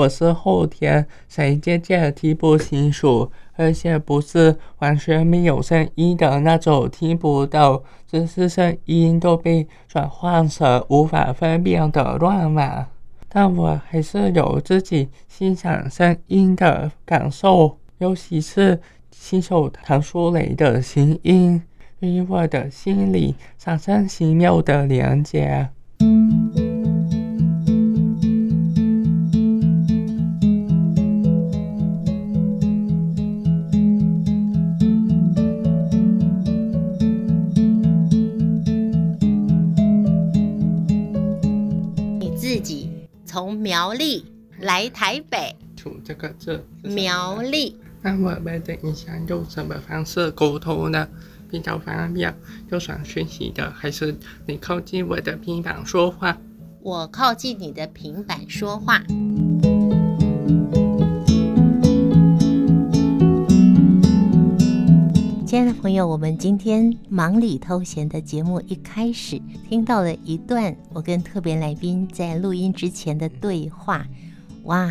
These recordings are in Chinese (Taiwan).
我是後天，誰漸漸聽不清楚，而且不是完全沒有聲音的那種，聽不到，只是聲音都被轉換成無法分辨的亂碼。但我還是有自己欣賞聲音的感受，尤其是新手彈出來的聲音，與我的心裡產生奇妙的連接。 苗栗來台北，吐、啊、這個字。苗栗那、啊、我們等一下用什麼方式溝通呢？比較方便就學習的，還是你靠近我的平板說話？我靠近你的平板說話。親愛的朋友，我們今天盲裡偷賢的節目一開始聽到了一段我跟特別來賓在錄音之前的對話，哇，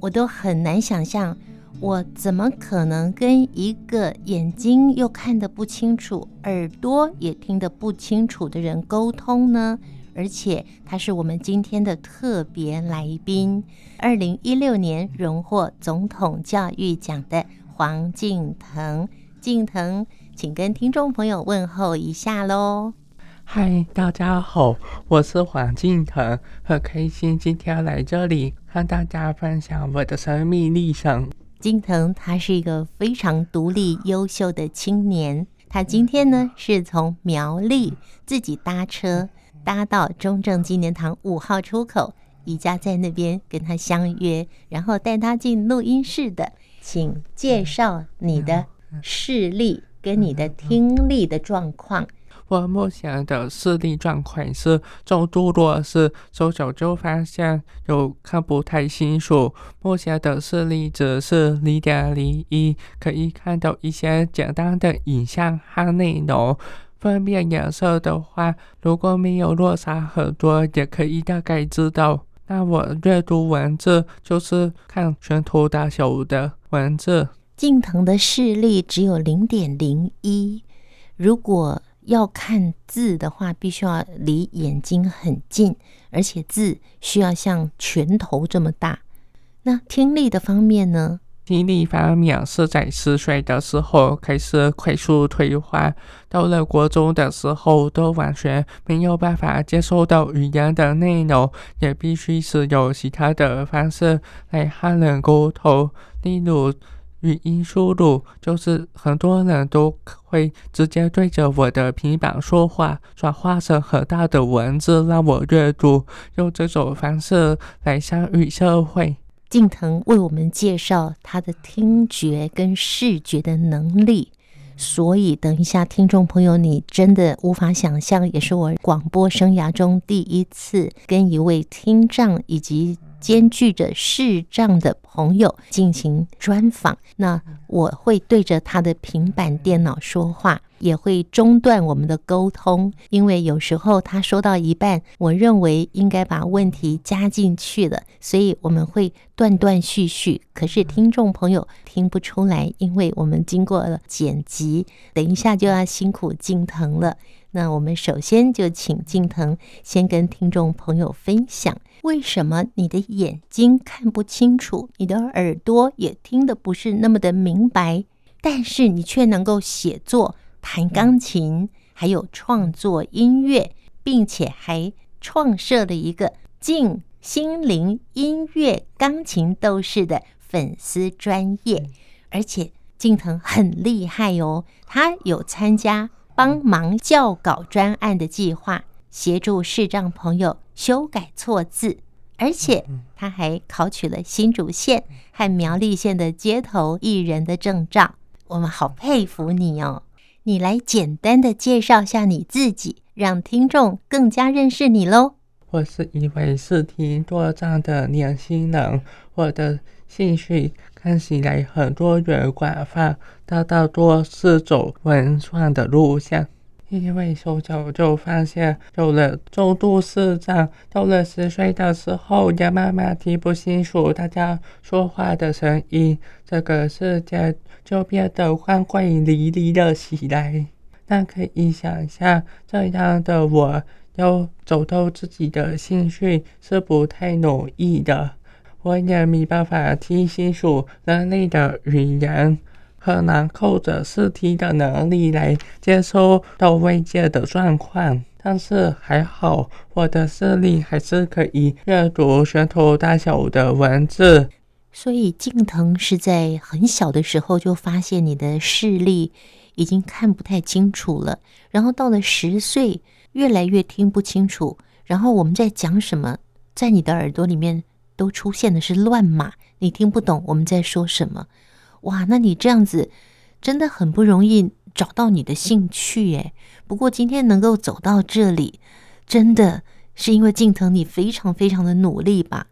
我都很難想象我怎麼可能跟一個眼睛又看得不清楚、耳朵也聽得不清楚的人溝通呢？而且他是我們今天的特別來賓，二零一六年榮獲總統教育獎的黃靖騰。靖騰，請跟聽眾朋友問候一下嘍！嗨，大家好，我是黃靖騰，很開心今天來這裡和大家分享我的生命歷程。靖騰他是一個非常獨立、優秀的青年，他今天呢是從苗栗自己搭車搭到中正紀念堂五號出口，沂家在那邊跟他相約，然後帶他進錄音室的，請介紹你的、嗯。嗯視力跟你的聽力的狀況。我目前的視力狀況是重度弱視，走路是走走就發現有看不太清楚。目前的視力值是零點零一，可以看到一些簡單的影像和內容。分辨顏色的話，如果沒有落差很多，也可以大概知道。那我閱讀文字就是看拳頭大小的文字。靖騰的視力只有零點零一，如果要看字的話，必須要離眼睛很近，而且字需要像拳頭這麼大。那聽力的方面呢？聽力方面是在四歲的時候開始快速退化，到了國中的時候，都完全沒有辦法接收到語言的內容，也必須使用其他的方式來和人溝通，例如。語音輸入，就是很多人都會直接對着我的平板說話，轉化成很大的文字讓我閱讀，用這種方式來相遇社會。靖騰為我們介紹他的聽覺跟視覺的能力，所以等一下，聽眾朋友，你真的無法想象，也是我廣播生涯中第一次跟一位聽障以及。兼具着視障的朋友進行專訪，那我會對着他的平板電腦說話，也會中斷我們的溝通，因為有時候他說到一半，我認為應該把問題加進去了，所以我們會斷斷續續。可是聽眾朋友聽不出來，因為我們經過了剪輯。等一下就要辛苦靖騰了。那我們首先就請靖騰先跟聽眾朋友分享，為什麼你的眼睛看不清楚，你的耳朵也聽得不是那麼的明白，但是你卻能夠寫作、彈鋼琴，還有創作音樂，並且還創設了一個“靖心靈音悅鋼琴鬥士”的粉絲專業，而且靖騰很厲害哦，他有參加。幫忙校稿專案的計劃，協助視障朋友修改錯字，而且他還考取了新竹縣和苗栗縣的街頭藝人的證照。我們好佩服你哦！你來簡單的介紹下你自己，讓聽眾更加認識你嘍。我是一位視聽多障的年輕人，我的興趣。看起來很多人廣泛，大大多是走文創的路線，因為從小就發現，有了重度視障。到了十歲的時候，也慢慢聽不清楚大家說話的聲音，這個世界就變得光怪陸離了起來。但可以想象，這樣的我要找到自己的興趣是不太容易的。我也沒辦法聽清楚人類的語言，很難靠着視聽的能力來接收到外界的狀況，但是還好，我的視力還是可以閱讀拳頭大小的文字。所以，靖騰是在很小的時候就發現你的視力已經看不太清楚了，然後到了十歲，越來越聽不清楚，然後我們在講什麼，在你的耳朵裡面，都出現的是亂碼，你聽不懂我們在說什麼，哇！那你這樣子真的很不容易找到你的興趣耶。不過今天能夠走到這裡，真的是因為靖騰你非常非常的努力吧，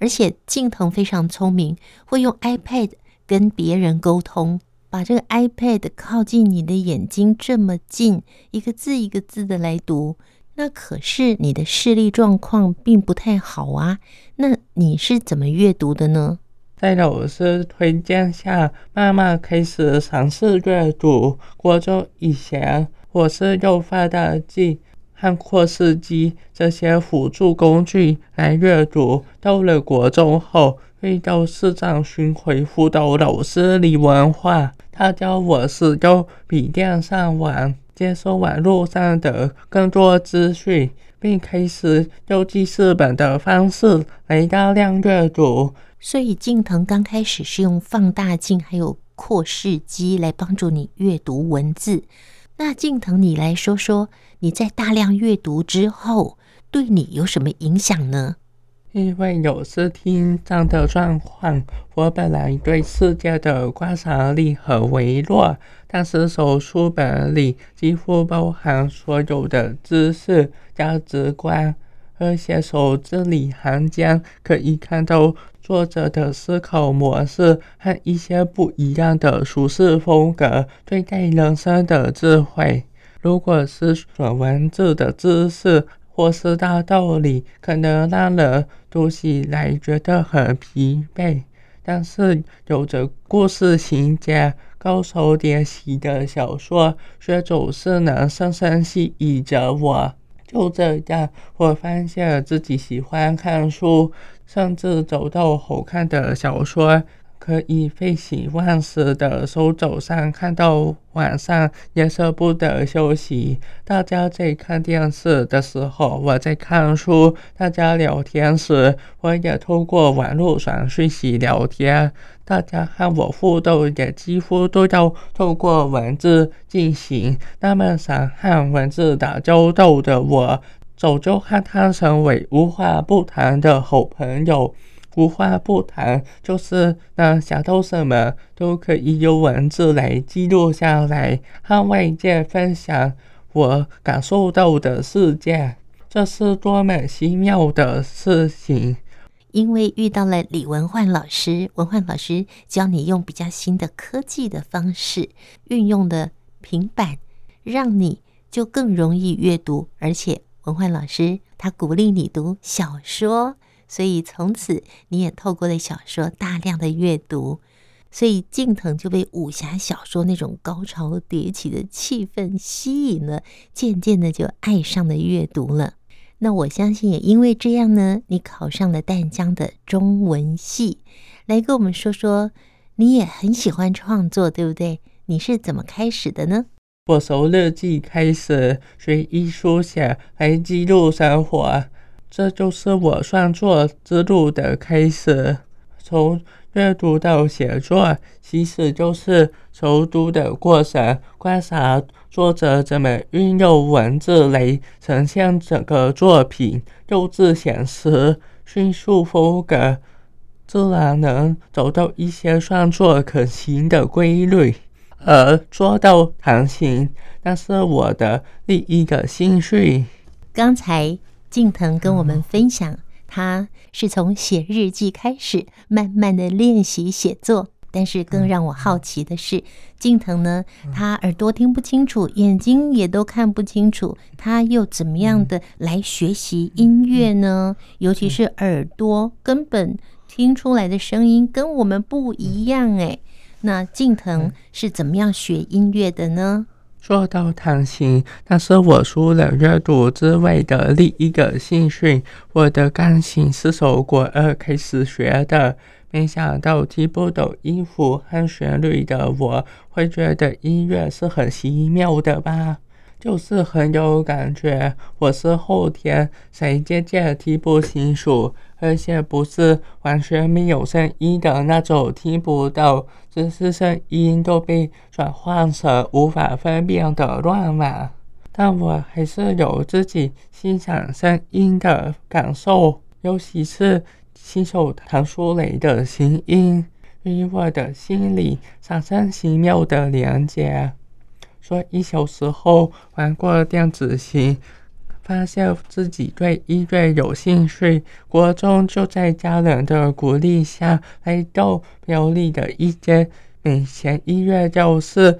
而且靖騰非常聰明，會用 iPad 跟別人溝通，把這個 iPad 靠近你的眼睛這麼近，一個字一個字的來讀。那可是你的視力狀況並不太好啊，那你是怎麼閱讀的呢？在老師推薦下慢慢開始嘗試閱讀。國中以前，我是用放大鏡、和擴視機這些輔助工具來閱讀。到了國中後，遇到視障巡回輔導老師李文化，他教我使用筆電上網。接收網絡上的更多資訊，並開始用記事本的方式來大量閱讀。所以，靖騰剛開始是用放大鏡，還有擴視機來幫助你閱讀文字。那靖騰，你來說說，你在大量閱讀之後，對你有什麼影響呢？因為有視聽障的狀況，我本來對世界的觀察力很微弱。但是，手書本裡幾乎包含所有的知識、價值觀，而且手字裡行間可以看到作者的思考模式和一些不一樣的處世風格、對待人生的智慧。如果是說文字的知識，或是大道理，可能讓人讀起來覺得很疲憊，但是有着故事情節、高潮迭起的小說，卻總是能深深吸引着我。就這樣，我發現自己喜歡看書，甚至找到好看的小說。可以廢寢忘食地從早上，看到晚上也捨不得休息。大家在看電視的時候，我在看書；大家聊天時，我也通過網絡上學習聊天。大家和我互動也幾乎都要透過文字進行。那麼想和文字打交道的我，早就和他成為無話不談的好朋友。無話不談，就是能想到什麼都可以用文字來記錄下來，和外界分享我感受到的世界，這是多麼奇妙的事情！因為遇到了李文煥老師，文煥老師教你用比較新的科技的方式運用的平板，讓你就更容易閱讀，而且文煥老師他鼓勵你讀小說。所以從此你也透過了小說大量的閱讀，所以靖騰就被武俠小說那種高潮迭起的氣氛吸引了，漸漸的就愛上了閱讀了。那我相信也因為這樣呢，你考上了淡江的中文系。來跟我們說說，你也很喜歡創作，對不對？你是怎麼開始的呢？我從日記開始隨意書寫還記錄生活，這就是我創作之路的開始，從閱讀到寫作，其實就是熟讀的過程，觀察作者怎麼運用文字來呈現整個作品，幼稚顯示迅速風格，自然能找到一些創作可行的規律，而做到彈琴。那是我的第一個興趣，剛才。靖騰跟我們分享，他是從寫日記開始，慢慢的練習寫作。但是更讓我好奇的是，靖騰呢，他耳朵聽不清楚，眼睛也都看不清楚，他又怎麼樣的來學習音樂呢？尤其是耳朵根本聽出來的聲音跟我們不一樣哎、欸。那靖騰是怎麼樣學音樂的呢？說到彈琴，那是我除了閱讀之外的另一個興趣。我的鋼琴是上國二開始學的，沒想到聽不懂音符和旋律的我，會覺得音樂是很奇妙的吧。就是很有感覺，我是後天誰漸漸聽不清楚，而且不是完全沒有聲音的那種聽不到，只是聲音都被轉換成無法分辨的亂碼。但我還是有自己欣賞聲音的感受，尤其是新手唐書雷的琴音，與我的心裡產生奇妙的連接。說一小時候玩過電子琴，發現自己對音樂有興趣。國中就在家人的鼓勵下來利的一，得到表弟的意見，以前音樂就是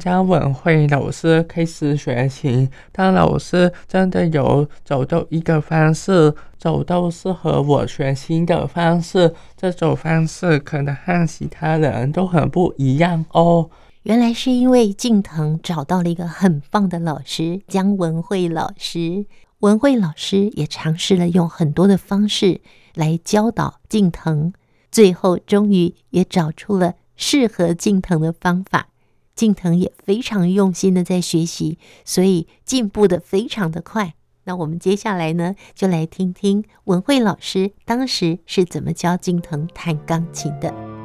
江文惠老師開始學琴。但老師真的有找到一個方式，找到適合我學琴的方式。這種方式可能和其他人都很不一樣哦。原來是因為靖騰找到了一個很棒的老師江文惠老師，文惠老師也嘗試了用很多的方式來教導靖騰，最後終於也找出了適合靖騰的方法。靖騰也非常用心的在學習，所以進步的非常的快。那我們接下來呢，就來聽聽文惠老師當時是怎麼教靖騰彈鋼琴的。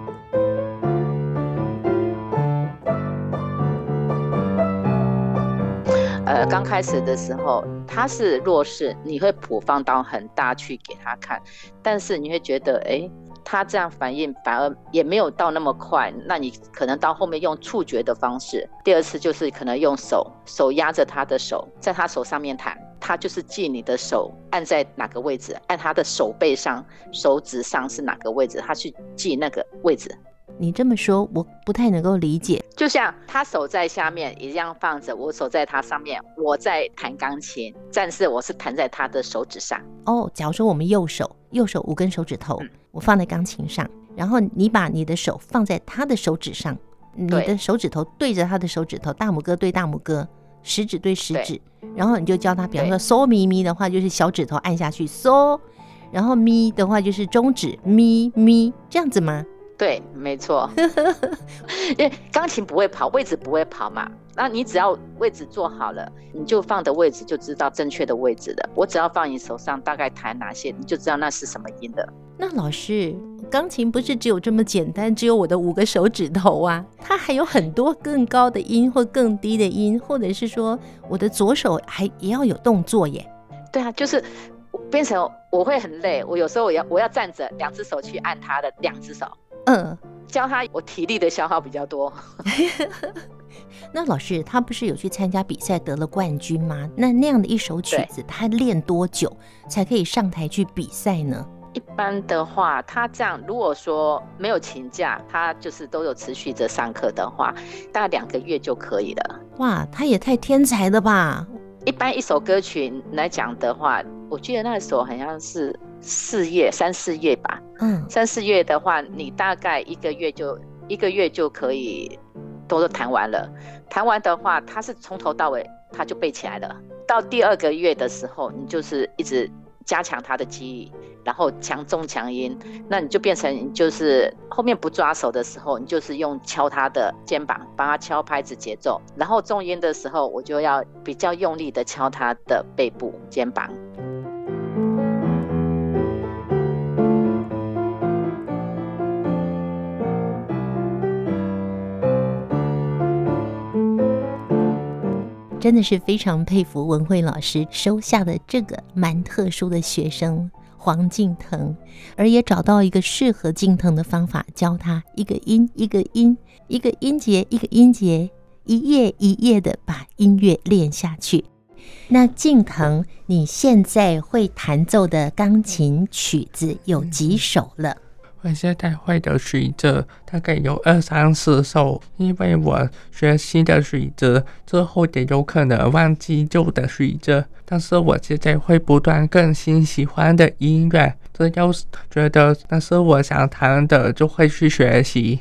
呃，剛開始的時候他是弱視，你會譜放到很大去給他看，但是你會覺得，哎，他這樣反應反而也沒有到那麼快，那你可能到後面用觸覺的方式，第二次就是可能用手手壓着他的手，在他手上面彈，他就是記你的手按在哪個位置，按他的手背上、手指上是哪個位置，他去記那個位置。你這麼說，我不太能夠理解。就像他手在下面一樣放着，我手在他上面，我在彈鋼琴，但是我是彈在他的手指上。哦，假如說我們右手，右手五根手指頭，嗯、我放在鋼琴上，然後你把你的手放在他的手指上，對你的手指頭對着他的手指頭，大拇哥對大拇哥，食指對食指，對然後你就教他，比方說嗦對咪咪的話，就是小指頭按下去嗦，然後咪的話就是中指咪咪，這樣子嗎？對，沒錯， 因為鋼琴不會跑，位置不會跑嘛。那你只要位置坐好了，你就放的位置就知道正確的位置了。我只要放你手上，大概彈哪些，你就知道那是什麼音的。那老師，鋼琴不是只有這麼簡單，只有我的五個手指頭啊？它還有很多更高的音或更低的音，或者是說我的左手還也要有動作耶？對啊，就是變成我會很累。我有時候我要我要站着，兩只手去按它的兩只手。嗯，教他我體力的消耗比較多。 那老師他不是有去參加比賽得了冠軍嗎？那那樣的一首曲子，對他練多久才可以上台去比賽呢？一般的話，他這樣如果說沒有請假，他就是都有持續着上課的話，大概兩個月就可以了。哇，他也太天才了吧！一般一首歌曲來講的話，我記得那首好像是四頁、三四頁吧。嗯，三四頁的話，你大概一個月就一個月就可以都都彈完了。彈完的話，它是從頭到尾，它就背起來了。到第二個月的時候，你就是一直。加強他的記憶，然後強中強音，那你就變成就是後面不抓手的時候，你就是用敲他的肩膀，幫他敲拍子節奏，然後重音的時候，我就要比較用力的敲他的背部肩膀。真的是非常佩服文慧老師收下的這個蠻特殊的學生黃靖騰，而也找到一個適合靖騰的方法，教他一個音一個音，一個音節一個音節，一頁一頁的把音樂練下去。那靖騰，你現在會彈奏的鋼琴曲子有幾首了？我現在會的曲子大概有二三十首，因為我學習的曲子之後也有可能忘記舊的曲子，但是我現在會不斷更新喜歡的音樂，這要是覺得，那是我想彈的就會去學習。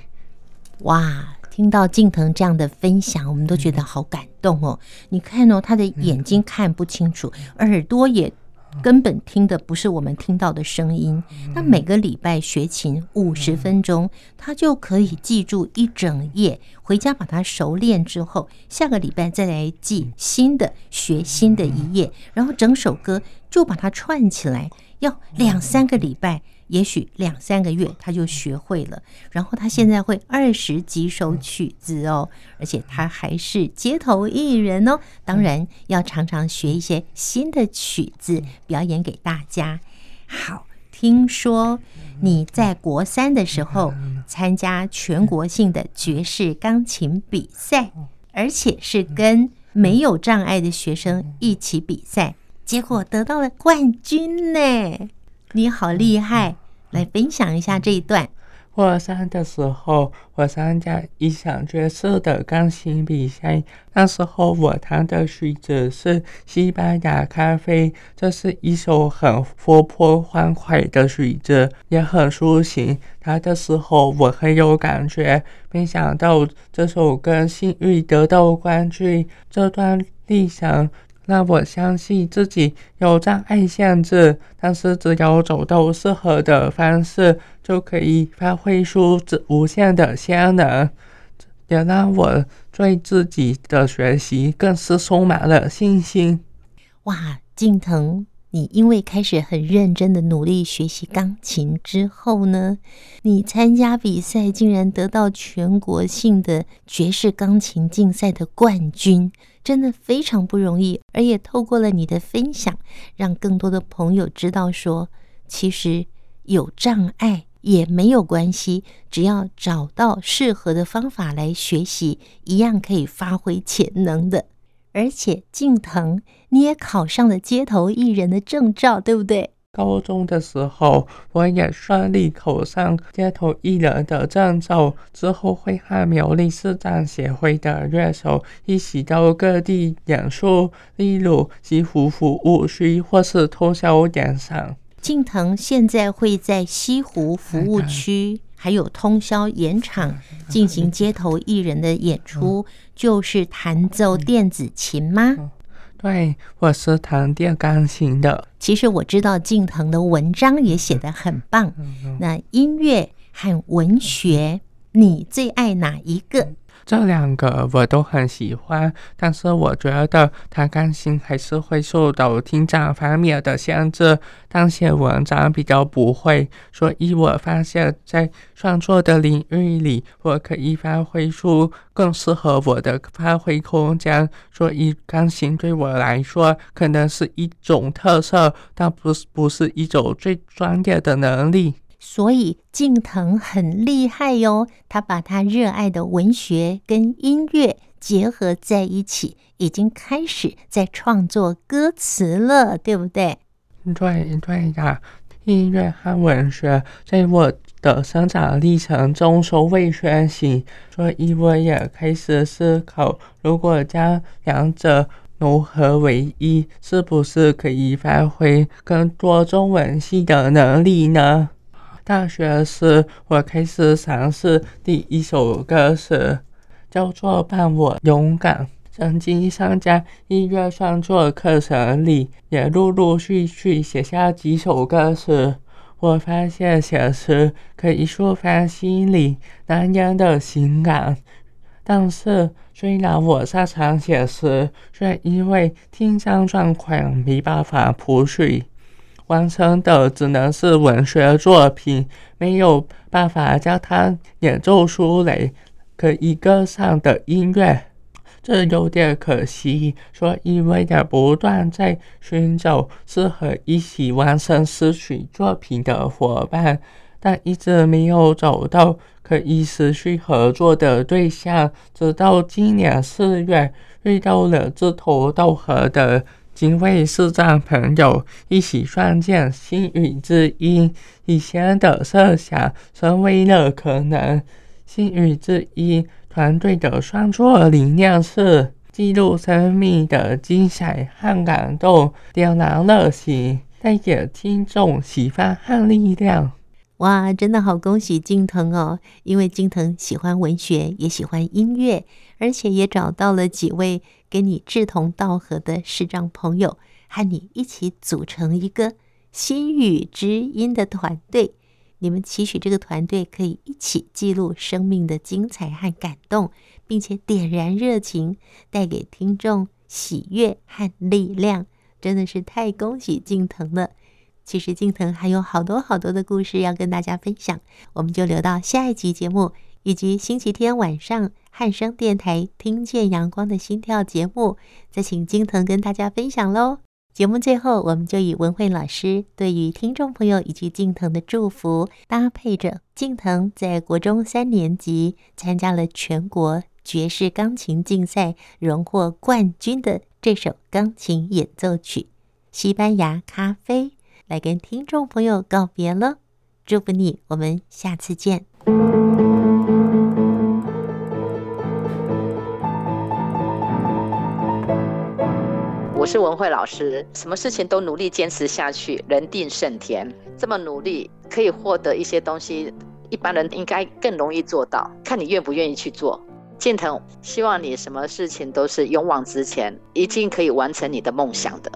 哇，聽到靖騰這樣的分享，我們都覺得好感動哦。你看哦，他的眼睛看不清楚，嗯、耳朵也。根本聽的不是我們聽到的聲音。那每個禮拜學琴五十分鐘，他就可以記住一整頁。回家把它熟練之後，下個禮拜再來記新的，學新的一頁，然後整首歌就把它串起來，要兩三個禮拜。也許兩三個月他就學會了，然後他現在會二十幾首曲子哦，而且他還是街頭藝人哦。當然要常常學一些新的曲子表演給大家。好，聽說你在國三的時候參加全國性的爵士鋼琴比賽，而且是跟沒有障礙的學生一起比賽，結果得到了冠軍呢！你好厲害。來分享一下這一段。國三的時候，我參加一項爵士的鋼琴比賽，那時候我彈的曲子是《西班牙咖啡》，這是一首很活潑歡快的曲子，也很抒情。彈的時候我很有感覺，沒想到這首歌幸運得到冠軍。這段歷程。讓我相信自己有障礙限制，但是只要找到適合的方式，就可以發揮出無限的潛能。也讓我對自己的學習更是充滿了信心。哇，靖騰，你因為開始很認真的努力學習鋼琴之後呢，你參加比賽竟然得到全國性的爵士鋼琴競賽的冠軍！真的非常不容易，而也透過了你的分享，讓更多的朋友知道說，其實有障礙也沒有關係，只要找到適合的方法來學習，一樣可以發揮潛能的。而且，靖騰你也考上了街頭藝人的證照，對不對？高中的時候，我也順利考上街頭藝人的證照，之後會和苗栗視障協會的樂手一起到各地演出，例如西湖服務區或是通宵點上。靖騰現在會在西湖服務區還有通宵演場進行街頭藝人的演出，就是彈奏電子琴嗎？喂，我是彈電鋼琴的。其實我知道靖騰的文章也寫得很棒。那音樂和文學，你最愛哪一個？這兩個我都很喜歡，但是我覺得彈鋼琴還是會受到聽障方面的限制，但寫文章比較不會，所以我發現，在創作的領域裡，我可以發揮出更適合我的發揮空間。所以，鋼琴對我來說可能是一種特色，但不是不是一種最專業的能力。所以，靖騰很厲害喲、哦。他把他熱愛的文學跟音樂結合在一起，已經開始在創作歌詞了，對不對？對，對的，音樂和文學在我的生長歷程中從未缺席，所以我也開始思考，如果將兩者融合為一，是不是可以發揮更多中文系的能力呢？大學時，我開始嘗試第一首歌詞，叫做《伴我勇敢》。曾經參加音樂創作課程裡，也陸陸續續，續寫下幾首歌詞。我發現寫詞可以抒發心裡難言的情感，但是雖然我擅長寫詞，卻因為聽障狀況沒辦法譜曲。完成的只能是文學作品，沒有辦法將它演奏出來，可以歌唱的音樂，這有點可惜。所以為了不斷在尋找適合一起完成詩曲作品的夥伴，但一直沒有找到可以持續合作的對象，直到今年四月遇到了志同道合的幾位視障朋友一起創建《星語之音》，以前的設想成為了可能。《星語之音》團隊的創作理念是記錄生命的精彩和感動，點燃熱情，帶給聽眾喜歡和力量。哇，真的好恭喜靖騰哦！因為靖騰喜歡文學，也喜歡音樂，而且也找到了幾位跟你志同道合的視障朋友，和你一起組成一個心語知音的團隊。你們期許這個團隊可以一起記錄生命的精彩和感動，並且點燃熱情，帶給聽眾喜悅和力量。真的是太恭喜靖騰了！其實靖騰還有好多好多的故事要跟大家分享，我們就留到下一期節目，以及星期天晚上漢聲電台《聽見陽光的心跳》節目，再請靖騰跟大家分享嘍。節目最後，我們就以文惠老師對於聽眾朋友以及靖騰的祝福，搭配着靖騰在國中三年級參加了全國爵士鋼琴競賽，榮獲冠軍的這首鋼琴演奏曲《西班牙咖啡》。來跟聽眾朋友告別了，祝福你，我們下次見。我是文惠老師，什麼事情都努力堅持下去，人定勝天。這麼努力可以獲得一些東西，一般人應該更容易做到，看你願不願意去做。靖騰，希望你什麼事情都是勇往直前，一定可以完成你的夢想的。